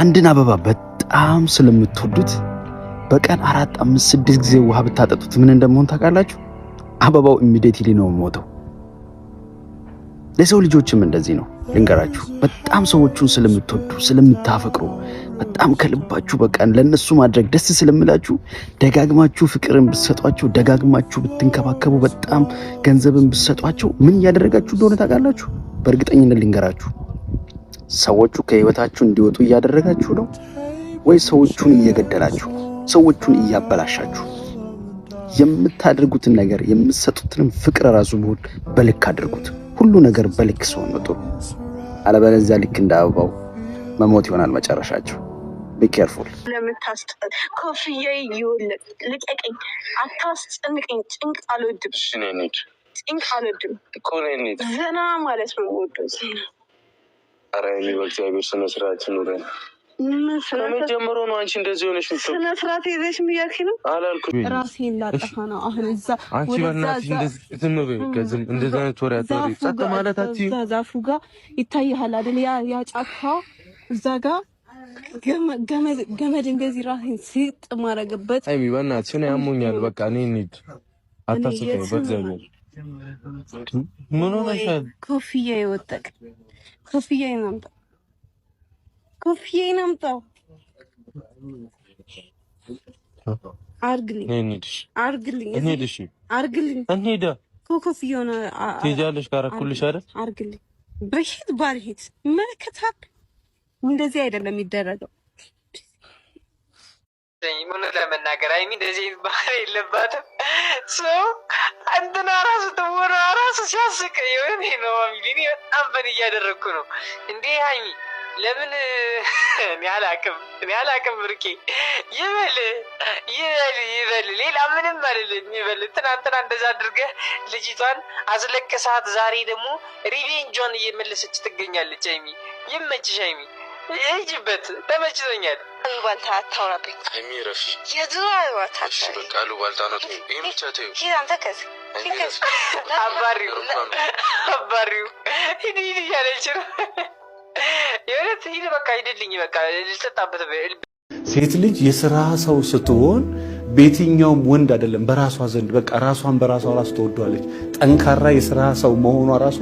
አንድን አበባ በጣም ስለምትወዱት በቀን አራት አምስት ስድስት ጊዜ ውሃ ብታጠጡት ምን እንደመሆን ታውቃላችሁ? አበባው ኢሚዲየትሊ ነው የሞተው ለሰው ልጆችም እንደዚህ ነው። ልንገራችሁ፣ በጣም ሰዎቹን ስለምትወዱ ስለምታፈቅሩ በጣም ከልባችሁ በቃ ለእነሱ ማድረግ ደስ ስለምላችሁ ደጋግማችሁ ፍቅርን ብትሰጧቸው፣ ደጋግማችሁ ብትንከባከቡ፣ በጣም ገንዘብን ብትሰጧቸው ምን እያደረጋችሁ እንደሆነ ታውቃላችሁ። በእርግጠኝነት ልንገራችሁ፣ ሰዎቹ ከህይወታችሁ እንዲወጡ እያደረጋችሁ ነው ወይ ሰዎቹን እየገደላችሁ፣ ሰዎቹን እያበላሻችሁ የምታደርጉትን ነገር የምትሰጡትንም ፍቅር ራሱ ቢሆን በልክ አድርጉት። ሁሉ ነገር በልክ ሲሆን ነው ጥሩ። አለበለዚያ ልክ እንደ አበባው መሞት ይሆናል መጨረሻቸው። ቢኬርፉል ለምታስጠን ልቀቀኝ፣ አታስጨንቀኝ። ጭንቅ አልወድም፣ ጭንቅ አልወድም። ዘና ማለት ነው እኔ በእግዚአብሔር ስነ ስርዓት ጀምሮ ነው አንቺ እንደዚህ ስነ ስርዓት ይዘሽ ምያክ ነው አላልኩ። ራሴን ላጠፋ ነው አሁን እዛ ዛፉ ጋር ይታይሃል አይደል? ያ ጫካ እዛ ጋር ገመድ እንደዚህ ራሴን ስጥ ማረገበት። አይ ቢባና እኔ ያሞኛል። በቃ እኔ እንሂድ፣ አታስቀኝ። በእግዚአብሔር ምን ሆነሻል? ኮፍያ ይወጠቅ ኮፍያ ይናምጣ ኮፍያ ይናምጣው አርግልኝ፣ አርግልኝ፣ አርግልኝ። እንሂዳ ኮፍያ ሆነ ትሄጃለሽ። ካረኩልሽ አይደል? አርግልኝ በሂድ ባልሂድ መልከታክ እንደዚህ አይደለም የሚደረገው። እውነት ለመናገር አይሚ እንደዚህ ባህር የለባትም። ሰው እንትና ራሱ ትወራ ራሱ ሲያስቅ የሆነ ነው ሚል እኔ በጣም ፈን እያደረግኩ ነው እንዴ ሀይሚ ለምን እኔ አላቅም እኔ አላቅም። ብርቄ ይበል ይበል ይበል፣ ሌላ ምንም አይደለም። ይበል ትናንትና እንደዛ አድርገህ ልጅቷን አስለቅሳት፣ ዛሬ ደግሞ ሪቬንጇን እየመለሰች ትገኛለች። አይሚ ይመችሽ አይሚ ይሄጅበት ተመችቶኛል። አሉባልታ አታውራብኝ አይሚረፊ ረፊ የድሮ አሉባልታ በቃ አሉባልታ ነው። ይህ ብቻ ተዩ። አንተ ከዚ አባሪው አባሪው ሂድ ሂድ እያለች ነው የእውነት ሂድ በቃ ሂድልኝ በቃ ልጠጣበት ሴት ልጅ የስራ ሰው ስትሆን በየትኛውም ወንድ አይደለም በራሷ ዘንድ በቃ ራሷን በራሷ ራሱ ትወደዋለች። ጠንካራ የስራ ሰው መሆኗ ራሱ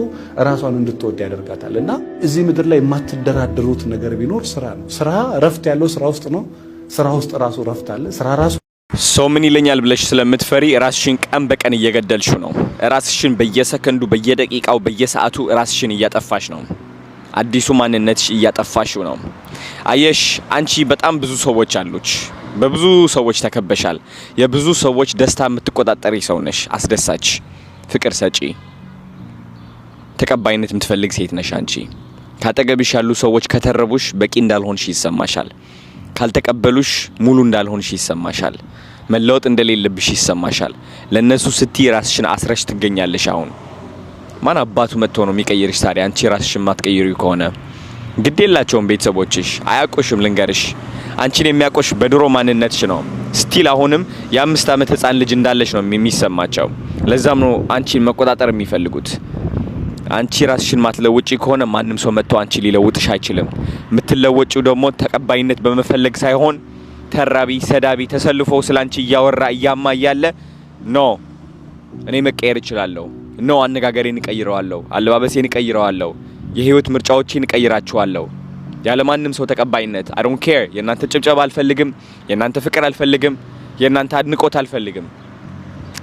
ራሷን እንድትወድ ያደርጋታል። እና እዚህ ምድር ላይ የማትደራደሩት ነገር ቢኖር ስራ ነው። ስራ እረፍት ያለው ስራ ውስጥ ነው። ስራ ውስጥ ራሱ እረፍት አለ። ስራ ራሱ ሰው ምን ይለኛል ብለሽ ስለምትፈሪ ራስሽን ቀን በቀን እየገደልሽ ነው። ራስሽን በየሰከንዱ በየደቂቃው በየሰዓቱ ራስሽን እያጠፋሽ ነው። አዲሱ ማንነትሽ እያጠፋሽው ነው። አየሽ አንቺ በጣም ብዙ ሰዎች አሉች፣ በብዙ ሰዎች ተከበሻል። የብዙ ሰዎች ደስታ የምትቆጣጠሪ ሰው ነሽ። አስደሳች፣ ፍቅር ሰጪ፣ ተቀባይነት የምትፈልግ ሴት ነሽ አንቺ። ካጠገብሽ ያሉ ሰዎች ከተረቡሽ በቂ እንዳልሆንሽ ይሰማሻል። ካልተቀበሉሽ ሙሉ እንዳልሆንሽ ይሰማሻል። መለወጥ እንደሌለብሽ ይሰማሻል። ለእነሱ ስቲ ራስሽን አስረሽ ትገኛለሽ። አሁን ማን አባቱ መጥቶ ነው የሚቀይርሽ ታዲያ አንቺ ራስሽን ማትቀይሪ ከሆነ ግድ የላቸውም ቤተሰቦችሽ አያቆሽም። ልንገርሽ አንቺን የሚያቆሽ በድሮ ማንነትሽ ነው። ስቲል አሁንም የአምስት ዓመት ህፃን ልጅ እንዳለች ነው የሚሰማቸው። ለዛም ነው አንቺን መቆጣጠር የሚፈልጉት። አንቺ ራስሽን ማትለውጪ ከሆነ ማንም ሰው መጥቶ አንቺ ሊለውጥሽ አይችልም። የምትለወጪው ደግሞ ተቀባይነት በመፈለግ ሳይሆን ተራቢ፣ ሰዳቢ ተሰልፎ ስለ አንቺ እያወራ እያማ እያለ ኖ እኔ መቀየር እችላለሁ፣ ኖ አነጋገሬን እቀይረዋለሁ፣ አለባበሴን እቀይረዋለሁ የህይወት ምርጫዎቼን እቀይራችኋለሁ። ያለማንም ሰው ተቀባይነት አይ ዶንት ኬር። የእናንተ ጭብጨባ አልፈልግም። የእናንተ ፍቅር አልፈልግም። የእናንተ አድንቆት አልፈልግም።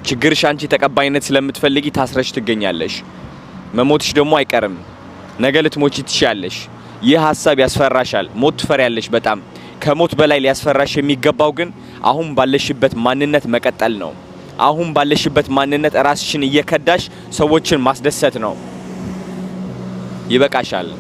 ችግርሽ አንቺ ተቀባይነት ስለምትፈልጊ ታስረሽ ትገኛለሽ። መሞትሽ ደግሞ አይቀርም። ነገ ልትሞቺ ትሻለሽ። ይህ ሀሳብ ያስፈራሻል። ሞት ትፈሪያለሽ በጣም ከሞት በላይ ሊያስፈራሽ የሚገባው ግን አሁን ባለሽበት ማንነት መቀጠል ነው። አሁን ባለሽበት ማንነት ራስሽን እየከዳሽ ሰዎችን ማስደሰት ነው። ይበቃሻል